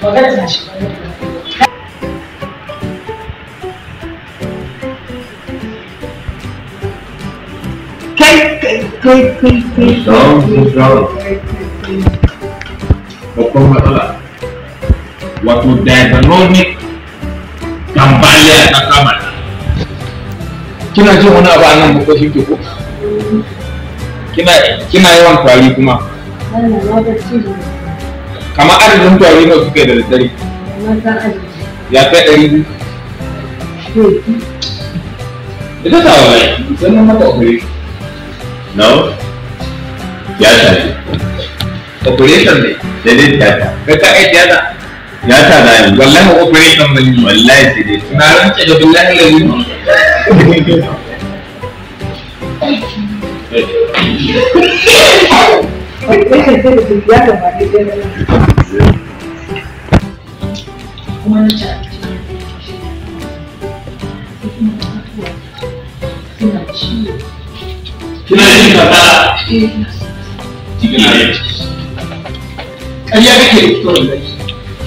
Magana na shi. Kai, kai, kai, kai, kai. Então, então. Babban matsala. Wato diagononic ambaliya ta kama. Kina jin wani abu a nan ko shi ke ko? kina yawan tari kuma Kama adadin tari ba suke da daddare ya kai ɗari ita ta wani sannan mata operation no ya shafi operation ne da dai tiyata kai ka ai tiyata ya ta da yanzu wallahi operation ne wallahi sai dai na rance da billahi lalima kuma na ci abinci na kuma katuwa suna ciwo kina yin kaza kina yin ƙarya kake da fitowar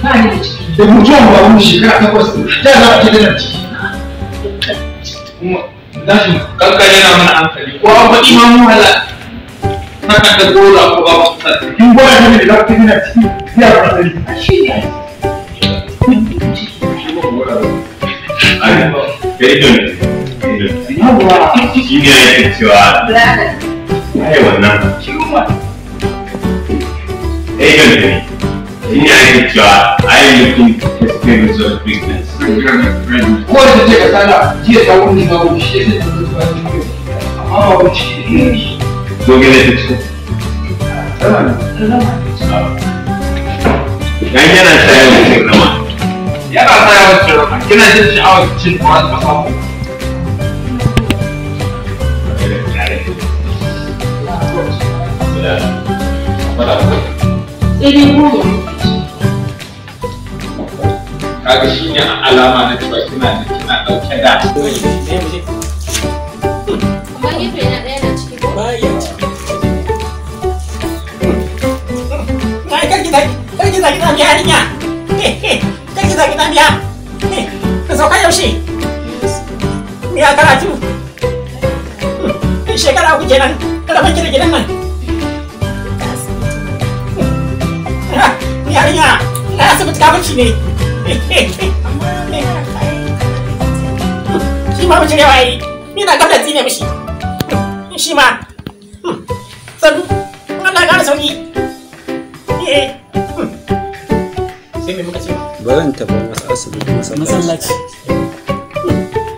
da ba ni da ciki da mutuwan ba mu shekara takwas da za a ke da ciki kuma gashin kankare na mana hankali ko an faɗi ma mu halaka harkar da dole ko ba kin gora ne da ne ciki shi ne kai don ina shi ne yake cewa ai wannan ai don ne shi ne yake cewa ai mutum experience of weakness ko da ce ka sana jiya ta wuni wuni shi ne amma ba shi Dan yana sha'awar cin nama. Yana cin Kina jin sha'awar cin ta samu. Sai Kaga shi ne alama na cewa kina da kina ɗauke da. zagi ta yarinya kake zagi ta biya ka sauka yaushe ya karatu shekara uku kenan kada ban gida gidan nan yarinya sini. Hei, hei, hmm, ne shi hmm, ma mace Ini yi ni na gabda tsine mishi shi ma sannu Allah ya kara sauki Kai me muka ce? Baran tafi masu asibiti masallaci.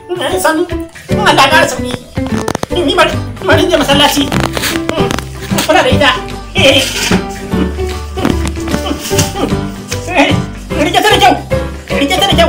Masallaci. Sanu, mun Allah ƙara sauni. Ni masallaci. Kula da ita. Eh, eh, eh. Hmm. Rike ta da kyau. Rike ta da kyau.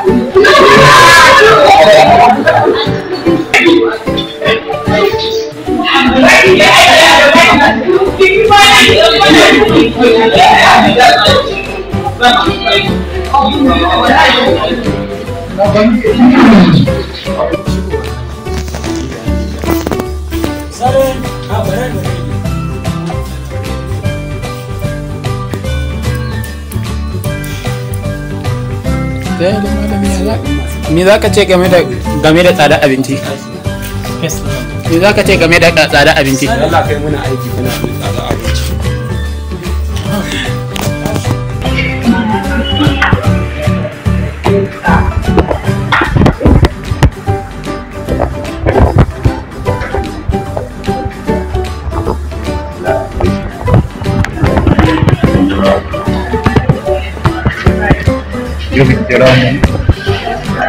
Me za ka ce game da tsada abinci? Me za ka ce game da tsada abinci? Allah kai muna aiki kana tsada abinci.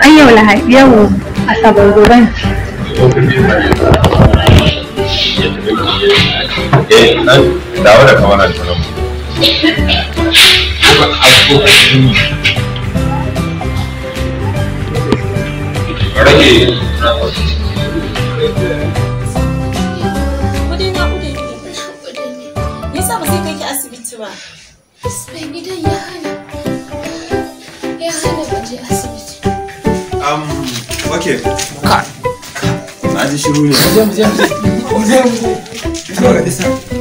أيوة ولا هيبيعوا حسب الجبان ahora no van a rage kudi na kudi ne ba sai kai ki asibiti um, okay ka na shiru ne mu je mu je mu je mu je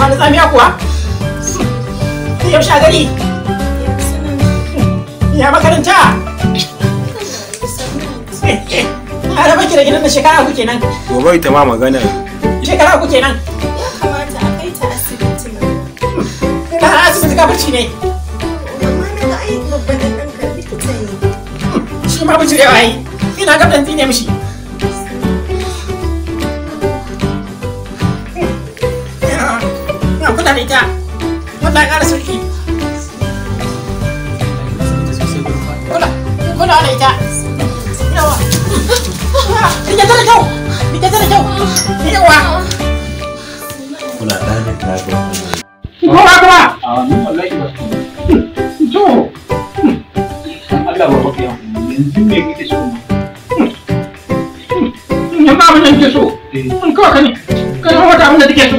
amfanin tsamiya kuwa? Yaushe a gari? Ya makaranta? A raba ki da gidan da shekara ku kenan. Gobe ita ma magana. Shekara ku kenan. Ya kamata a kai ta asibiti. Kana asibiti kabarci ne. Amma na ga ai babban ɗan ka likita ne. Shi ma bijire wa yi. Ina gaban ne mishi. huta da ita ta da kyau a wannan wallahi ba to so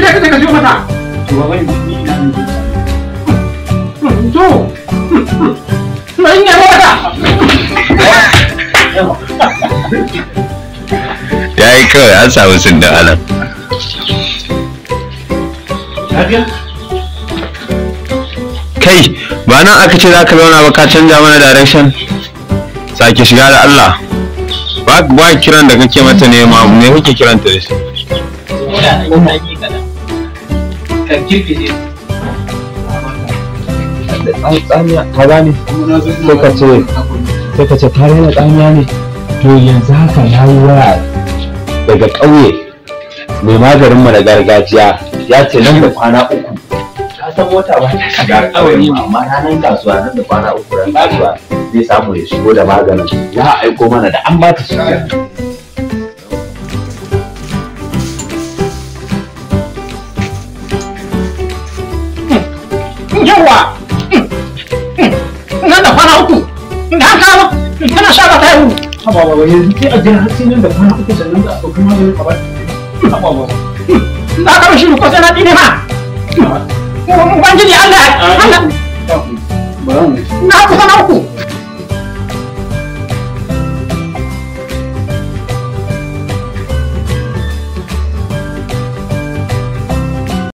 ka Ya yi kawai an samu Kai, ba nan aka ce za ka canja mana Sake shiga da Allah. Ba kiran da kake mata ne ma kake kiranta da shi? ta girgize kaza ne sai ka ce sai ka ce ne to yanzu haka na yi waya daga ƙauye mai maganin mu na gargajiya ya ce nan da kwana uku ka san mota ba ta shiga ƙauye amma ranar kasuwa nan da kwana uku ran kasuwa zai samu ya shigo da maganin ya aiko mana da an ba ta shiga yawwa hmm. Hmm. nan da kwana uku da an sha ba ta yi haba ba yanzu sai a jira har sai nan da kwana uku sannan za a ɗauki maganin a ba hmm. haba baba na ka shi ko sai na ɗine ma ubangiji Allah Allah na kusa na uku